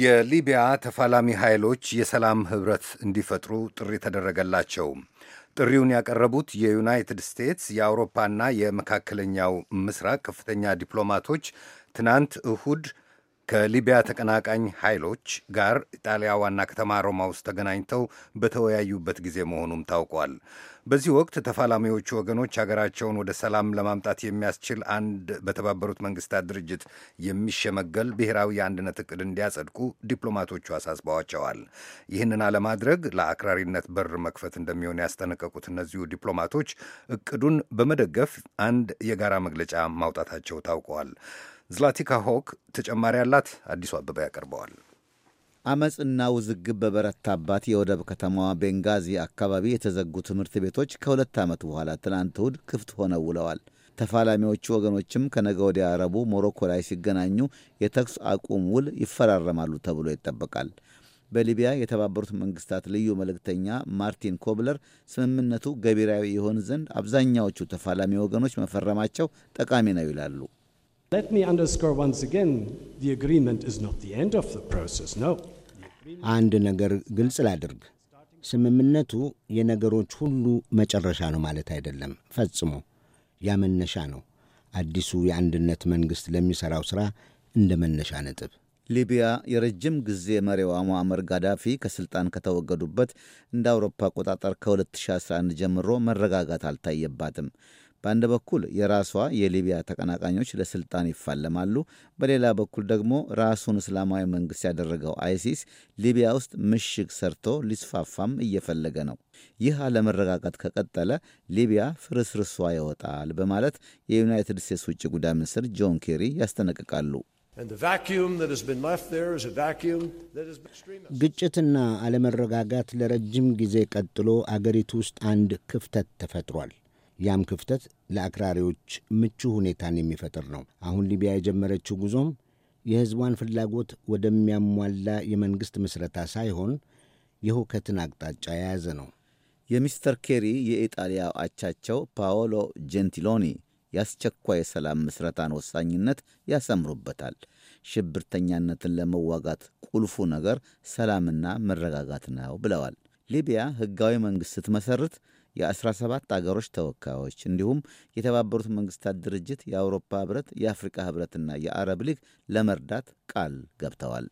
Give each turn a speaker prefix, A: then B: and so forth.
A: የሊቢያ ተፋላሚ ኃይሎች የሰላም ህብረት እንዲፈጥሩ ጥሪ ተደረገላቸው። ጥሪውን ያቀረቡት የዩናይትድ ስቴትስ የአውሮፓና የመካከለኛው ምስራቅ ከፍተኛ ዲፕሎማቶች ትናንት እሁድ ከሊቢያ ተቀናቃኝ ኃይሎች ጋር ኢጣሊያ ዋና ከተማ ሮማ ውስጥ ተገናኝተው በተወያዩበት ጊዜ መሆኑም ታውቋል። በዚህ ወቅት ተፋላሚዎቹ ወገኖች ሀገራቸውን ወደ ሰላም ለማምጣት የሚያስችል አንድ በተባበሩት መንግስታት ድርጅት የሚሸመገል ብሔራዊ የአንድነት እቅድ እንዲያጸድቁ ዲፕሎማቶቹ አሳስበዋቸዋል። ይህንን አለማድረግ ለአክራሪነት በር መክፈት እንደሚሆን ያስጠነቀቁት እነዚሁ ዲፕሎማቶች እቅዱን በመደገፍ አንድ የጋራ መግለጫ ማውጣታቸው ታውቀዋል። ዝላቲካ ሆክ ተጨማሪ ያላት አዲሱ አበባ ያቀርበዋል።
B: አመፅና ውዝግብ በበረታባት የወደብ ከተማዋ ቤንጋዚ አካባቢ የተዘጉ ትምህርት ቤቶች ከሁለት ዓመት በኋላ ትናንት እሁድ ክፍት ሆነው ውለዋል። ተፋላሚዎቹ ወገኖችም ከነገ ወዲያ አረቡ ሞሮኮ ላይ ሲገናኙ የተኩስ አቁም ውል ይፈራረማሉ ተብሎ ይጠበቃል። በሊቢያ የተባበሩት መንግስታት ልዩ መልእክተኛ ማርቲን ኮብለር ስምምነቱ ገቢራዊ ይሆን ዘንድ አብዛኛዎቹ ተፋላሚ ወገኖች መፈረማቸው ጠቃሚ ነው ይላሉ።
C: አንድ ነገር ግልጽ ላድርግ። ስምምነቱ የነገሮች ሁሉ መጨረሻ ነው ማለት አይደለም፣ ፈጽሞ። ያ መነሻ ነው፣ አዲሱ የአንድነት መንግሥት ለሚሠራው ሥራ እንደ መነሻ ነጥብ።
B: ሊቢያ የረጅም ጊዜ መሪዋ ሙአመር ጋዳፊ ከሥልጣን ከተወገዱበት እንደ አውሮፓ አቆጣጠር ከ2011 ጀምሮ መረጋጋት አልታየባትም። በአንድ በኩል የራሷ የሊቢያ ተቀናቃኞች ለስልጣን ይፋለማሉ፣ በሌላ በኩል ደግሞ ራሱን እስላማዊ መንግስት ያደረገው አይሲስ ሊቢያ ውስጥ ምሽግ ሰርቶ ሊስፋፋም እየፈለገ ነው። ይህ አለመረጋጋት ከቀጠለ ሊቢያ ፍርስርሷ ይወጣል በማለት የዩናይትድ ስቴትስ ውጭ ጉዳይ ሚኒስትር ጆን ኬሪ ያስጠነቅቃሉ።
C: ግጭትና አለመረጋጋት ለረጅም ጊዜ ቀጥሎ አገሪቱ ውስጥ አንድ ክፍተት ተፈጥሯል። ያም ክፍተት ለአክራሪዎች ምቹ ሁኔታን የሚፈጥር ነው። አሁን ሊቢያ የጀመረችው ጉዞም የሕዝቧን ፍላጎት ወደሚያሟላ
B: የመንግሥት ምስረታ ሳይሆን የሁከትን አቅጣጫ የያዘ ነው። የሚስተር ኬሪ የኢጣሊያ አቻቸው ፓዎሎ ጀንቲሎኒ የአስቸኳይ የሰላም ምስረታን ወሳኝነት ያሰምሩበታል። ሽብርተኛነትን ለመዋጋት ቁልፉ ነገር ሰላምና መረጋጋት ነው ብለዋል። ሊቢያ ሕጋዊ መንግሥት ስትመሠርት የ17 አገሮች ተወካዮች እንዲሁም የተባበሩት መንግስታት ድርጅት፣ የአውሮፓ ህብረት፣ የአፍሪካ ህብረትና የአረብ ሊግ ለመርዳት ቃል ገብተዋል።